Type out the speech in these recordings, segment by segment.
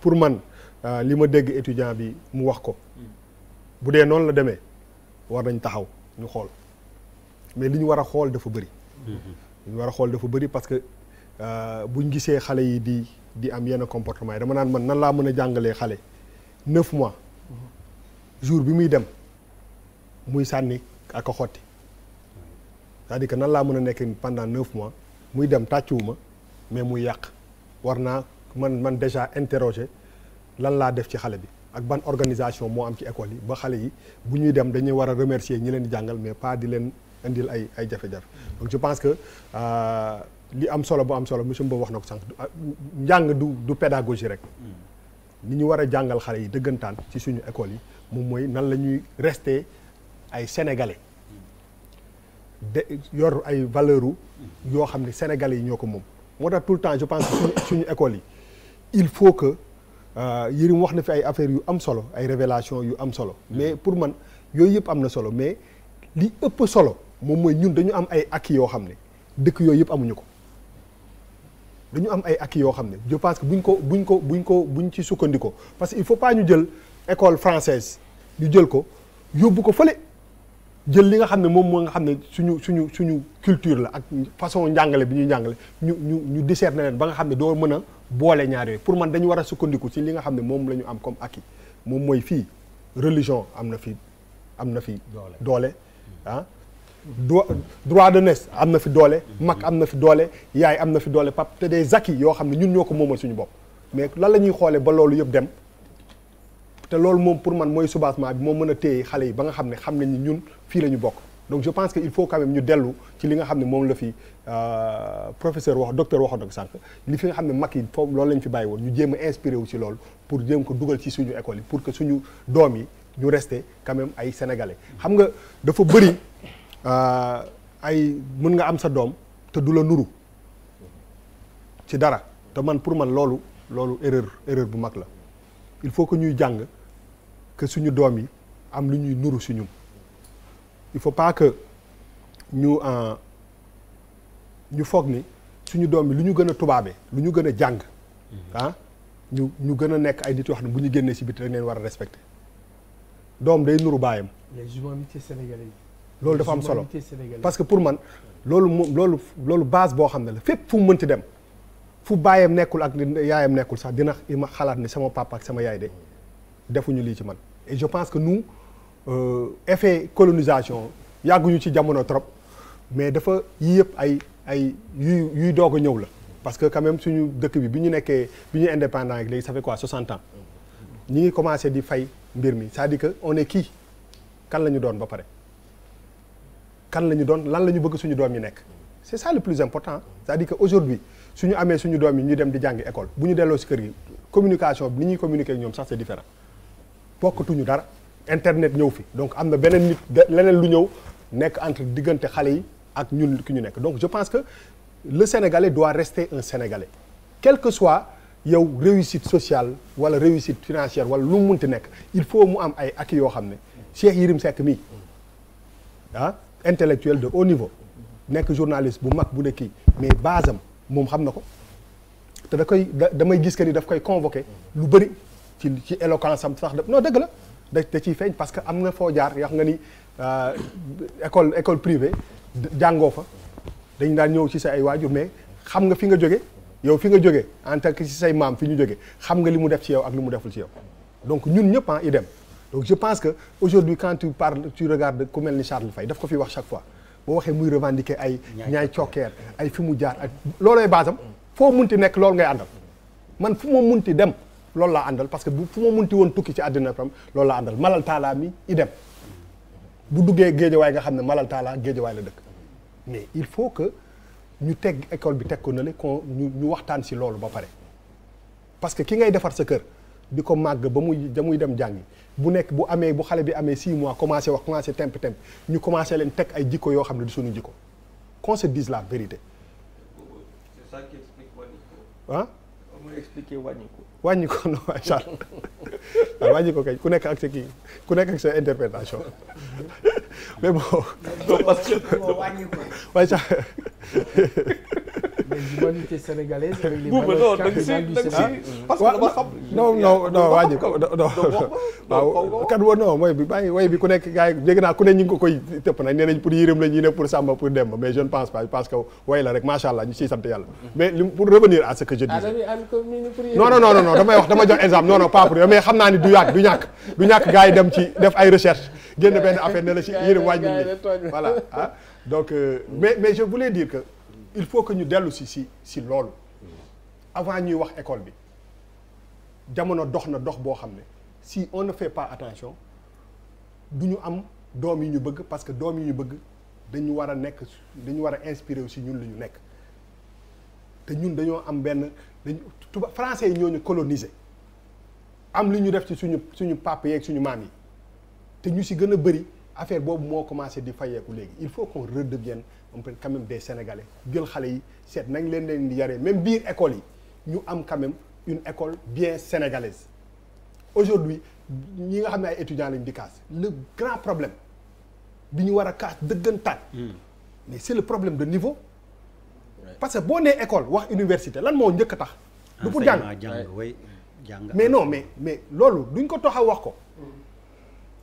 pour man euh, li ma dégg étudiant bi mu wax ko bu dee noonu la demee war nañ taxaw ñu xool mais li ñu war a xool dafa bëri mm-hmm. li ñu war a xool dafa bëri parce que euh, buñ gisee xale yi di di am yenn comportement yi dama naan man nan laa mën a jàngalee xale neuf mois mm-hmm. jour bi muy dem muy sànni ak a xotti cest à nan laa mën a nekk pendant neuf mois muy dem tàccuwuma mais muy yàq war naa man man déjà interroger lan laa def ci xale bi ak ban organisation moo am ci école yi ba xale yi bu ñuy dem dañuy war a remercier ñi leen di jàngal mais pas di leen indil ay ay jafe-jafe je pense que euh, li am solo bu am solo monsieur Mbow wax na ko sànq njàng du du pédagogie rek mm. ni ñu war a jàngal xale yi dëggantaan ci suñu école yi moom mooy nan la ñuy rester ay sénégalais de yor ay valeurs mm. yoo xam ne sénégalais yi ñoo ko moom moo tax tout le temps je pense que suñu suñu école yi il faut que euh, Yérim wax na fi ay affaires yu am solo ay révélation yu am solo mm-hmm. mais pour man yooyu yëpp am na solo mais li ëpp solo moom mooy ñun dañu am ay akki yoo xam ne dëkk yooyu yëpp amuñu ko dañu am ay acquis yoo xam ne je pense que buñ ko buñ ko buñ ko buñ ci sukkandikoo parce que il faut pas ñu jël école française ñu jël ko yóbbu ko fële jël li nga xam ne moom moo nga xam ne suñu suñu suñu culture la ak façon njàngale bi ñuy njàngale ñu ñu ñu discerner leen ba nga xam ne doo mën a boole ñaar yooyu pour man dañu war a sukkandiku ci li nga xam ne moom la ñu am comme acquis moom mooy fii religion am na fi am na fi doole ah droit de naissance am na fi doole mag am na fi doole yaay am na fi doole pap te des acquis yoo xam ne ñun ñoo ko moom suñu bopp mais lan la ñuy xoolee ba loolu yëpp dem te loolu moom pour man mooy soubassement moo mën a téye xale yi ba nga xam ne xam nañ ni ñun fii la ñu bokk donc je pense que il faut quand même ñu dellu ci li nga xam ne moom la fi euh, professeur wax docteur waxoon na ko sànq li fi nga xam ne mag yi foofu loolu lañ fi bàyyi woon ñu jéem a wu ci loolu pour jéem ko dugal ci suñu école yi pour que suñu doom yi ñu reste quand ay sénégalais xam nga dafa bëri euh, ay mën nga am sa doom te du la nuru ci dara te man pour man loolu loolu erreur erreur bu mag la il faut que ñuy jàng que suñu doom yi am lu ñuy nuru si ñun il faut pas que ñu euh, ñu foog ni suñu doom yi lu ñu gën a tubaabee lu ñu gën a jàng mhm. ah ñu gën a nekk ay nit yoo xam ne bu ñu génnee si biti dañ leen war a respecté doom day nuru baayam les humanités sénégalaises loolu dafa am solo parce que pour man loolu moom loolu loolu base boo xam ne la fépp fu mu mënti dem fu baayam nekkul ak yaayam nekkul sax dina ma xalaat ni sama papa ak sama yaay de defuñu lii ci man et je pense que nous Euh, effet colonisation yàgguñu ci jamono trop mais dafa yii yëpp ay ay yuy yuy doog a ñëw la parce que quand suñu dëkk bi bi ñu nekkee bu ñu indépendant léegi ça fait quoi 60 ans ñi ngi commencé di fay mbir mi cest di dire que on est kii kan lañu doon ba pare kan la doon lan la ñu bëgg suñu doom yi nekk c'est ça le plus important c'est-à-dire que su suñu amee suñu doom yi ñu dem di jàng école bu ñu delloo si kër gi communication bi ni ñuy communiquer ñoom sax c'est différent bokkatuñu dara internet ñëw fi donc am na beneen nit leneen lu ñëw nekk entre diggante xale yi ak ñun ki ñu nekk donc je pense que le sénégalais doit rester un sénégalais quel que soit yow réussite sociale wala réussite financière wala lu mu munti nekk il faut mu am ay acquis yoo xam ne Cheikh Yérim sekk mii ah intellectuel de haut niveau nekk journaliste bu mag bu ne kii mais base am moom xam na ko te da koy damay gis que ni daf koy convoqué lu bëri ci ci éloquence am sax non dëgg la. da da ciy feeñ parce que am na foo jaar yoo xam nga ni euh, école école privée jàngoo fa dañ daan ñëw ci sa ay waajur mais xam nga fi nga jóge yow fi nga jóge en tant que ci say maam fi ñu jóge xam nga li mu def ci yow ak li mu deful ci yow donc ñun ñëpp ah dem donc je pense que aujourd'hui quand tu parles tu regardes ku mel ni Charles fay daf ko fi wax chaque fois boo waxee muy revendiquer ay ñaay cokkeer ay fi mu jaar ak loolooy baasam foo mun munti nekk loolu nga àndal man fu ma munti dem loolu laa àndal parce que bu fu ma munti woon tukki ci àddina tam loolu laa àndal malal taalaa mi idem bu duggee géejawaay nga xam ne malal taalaa géejawaay la dëkk mais il faut que ñu teg école bi teg ko na le kon ñu ñu waxtaan si loolu ba pare parce que ki ngay defar sa kër bi ko màgg ba muy da muy dem jàngi bu nekk bu amee bu xale bi amee 6 mois commencé wax commencé temp temp ñu commencé leen teg ay jikko yoo xam ne di suñu jikko qu'on se la vérité. expliqué wàññi ko. wàññi ko non macha allah wàññi ko kay ku nekk ak sa kii ku nekk ak sa interprétation mais bon. parce que wàññi ko. non non non waa ji non wa non mooy bi bàyyi ku nekk gars yi dégg ku ne ñu ngi ko koy tëpp nag nee la ñuy ne pour Samba pour Demba mais ne pense pas je pense rek macha allah ñu ciy sant yàlla mm-hmm. mais pour revenir à ce que je ah, disais non non non dama jox exemple non non pas pour mais xam naa du yàgg du ñàkk du dem ci def ay recherche génn benn affaire ne la ci yërëm wàññi ah. donc euh, mais mais je voulais il faut que ñu dellu si si si loolu avant ñuy wax école bi jamono dox na dox boo xam ne si on ne fait pas attention du ñu am doom yi ñu bëgg parce que doom yi ñu bëgg dañu war a nekk dañu war a inspiré aussi ñun lu ñu nekk te ñun dañoo am benn dañ tuba français yi ñoo ñu colonisé am lu ñu def ci suñu suñu papa yeeg suñu maam yi te ñu si gën a bëri. affaire boobu moo commencé di fayeeku léegi il faut qu'on redevienne on peut quand même des sénégalais jël xale yi seet nañ leen leen di yaree même biir école yi ñu am quand même une école bien sénégalaise aujourd'hui ñi nga xam ne ay étudiants lañ di casse le grand problème bi ñu war a casse dëggantaan hmm. mais c'est le problème de niveau parce que boo nee école wax université lan moo njëkk a tax du pour jàng mais no mais mais loolu duñ ko tax wax ko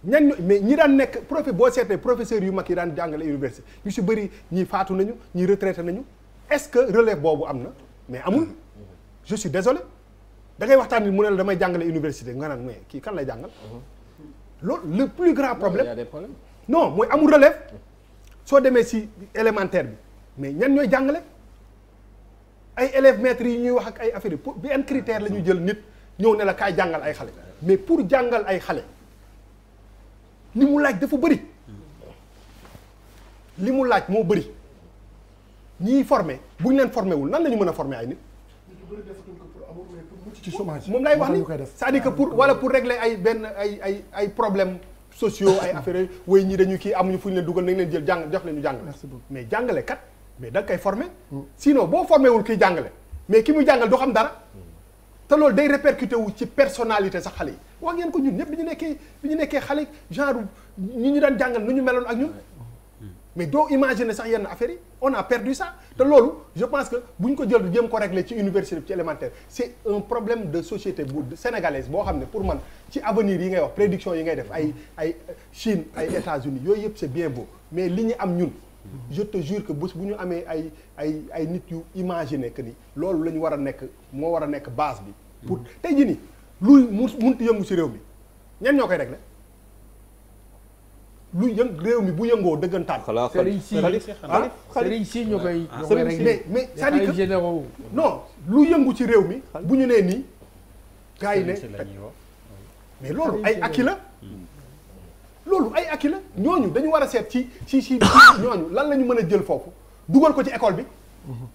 ñan mais ñi daan nekk prof boo seetee professeurs yu mag yi daan jàngale université ñu si bëri ñi faatu nañu ñi retraité nañu est-ce que relève boobu am na mais amul je suis désolé da ngay waxtaan ni mu ne damay jàngale université nga naan mais kii kan lay jàngal loolu le plus problème non, y a mooy amul relève soo demee si élémentaire bi mais ñan ñooy jàngale ay élèves maîtres yi ñuy wax ak ay affaires yi pour benn critère la ñuy jël nit ñëw ne la jàngal ay xale mais pour jàngal ay xale li mu laaj dafa bëri li mu laaj moo bëri ñiy formé bu ñu leen formé wul nan lañu ñu mën a formé ay nit. ci chômage moom lay wax ni c'est-à-dire que pour wala pour régler ay benn ay problème ay problèmes sociaux ay affaires yooyu ñii dañuy kii amuñu fu ñu leen dugal nañ leen jël jàng jox leen ñu jàngale. mais jàngale kat mais danga nga koy formé. Mm. boo formé wul kiy jàngale mais ki muy jàngal doo xam dara. te loolu day répercuté wu ci personnalité sax xale yi wax ngeen ko ñun ñëpp bi ñu nekkee bi ñu nekkee xale genre ñi ñu daan jàngal nu ñu meloon ak ñun mais doo imaginer sax yenn affaire yi on a perdu ça te loolu je pense que bu ñu ko jël jéem ko régler ci université bi ci élémentaire c'est un problème de société bu sénégalaise boo xam ne pour man ci avenir yi ngay wax prédiction yi ngay def ay ay Chine ay États-Unis yooyu yëpp c'est bien beau mais li ñu am ñun je te jure que bu ñu amee ay ay ay nit yu imaginer nekk nii loolu lañu war a nekk moo war a nekk base bi. pour mm-hmm. tey ji nii luy mu munti yëngu si réew mi ñan ñoo koy rek lu yëng réew mi bu yëngoo dëggantaan. xalaat si xali si ñoo koy. mais mais c'est-à-dire que non lu yëngu ci réew mi bu ñu nee nii. gars yi ne mais loolu ay acquis la. loolu ay acquis la ñooñu dañu war a seet ci ci ci ñooñu lan la ñu mën a jël foofu dugal ko ci école bi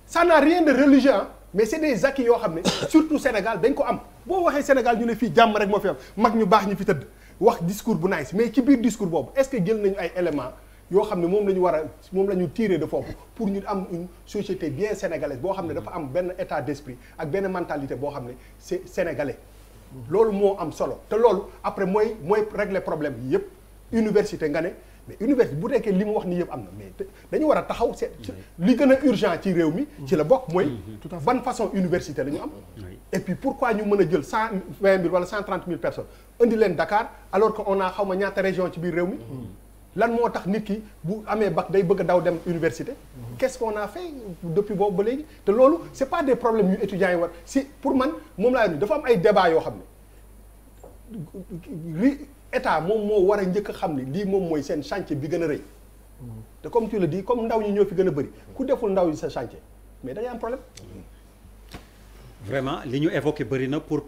ça n'a rien de religieux mais c'est des acquis yoo xam ne surtout Sénégal dañ ko am boo waxee Sénégal ñu ne fii jàmm rek moo fi am mag ñu baax ñu fi tëdd wax discours bu nice mais ci biir discours boobu est-ce que jël nañu ay éléments yoo xam ne moom la ñu war a moom la ñu tirer de foofu pour ñu am une société bien sénégalaise boo xam ne dafa am benn état d'esprit ak benn mentalité boo xam ne c'est sénégalais loolu moo am solo te loolu après mooy mooy régler problème yi yépp université nga ne mais université bu nekkee li mu wax nii yëpp am na mais dañu war a taxaw seet li gën a ci réew mi ci la bokk mooy ban façon université la am et puis pourquoi ñu mën a jël cent vingt mille wala cent trente mille indi leen Dakar alors que on xaw ma ñaata région ci biir réew mi lan moo tax nit ki bu amee bac day bëgg a daw dem université qu'est-ce qu'on depuis boobu ba léegi te loolu pas des problèmes yu étudiants yi si pour man moom laa yor dafa am ay débat yoo xam ne état moom moo war a njëkk a xam ni lii moom mooy seen chantier bi gën a rëy te comme tu le dis comme ndaw ñi ñoo fi gën a bëri ku deful ndaw ñi sa chantier mais da ngay am problème. vraiment li ñu évoqué bari na pour.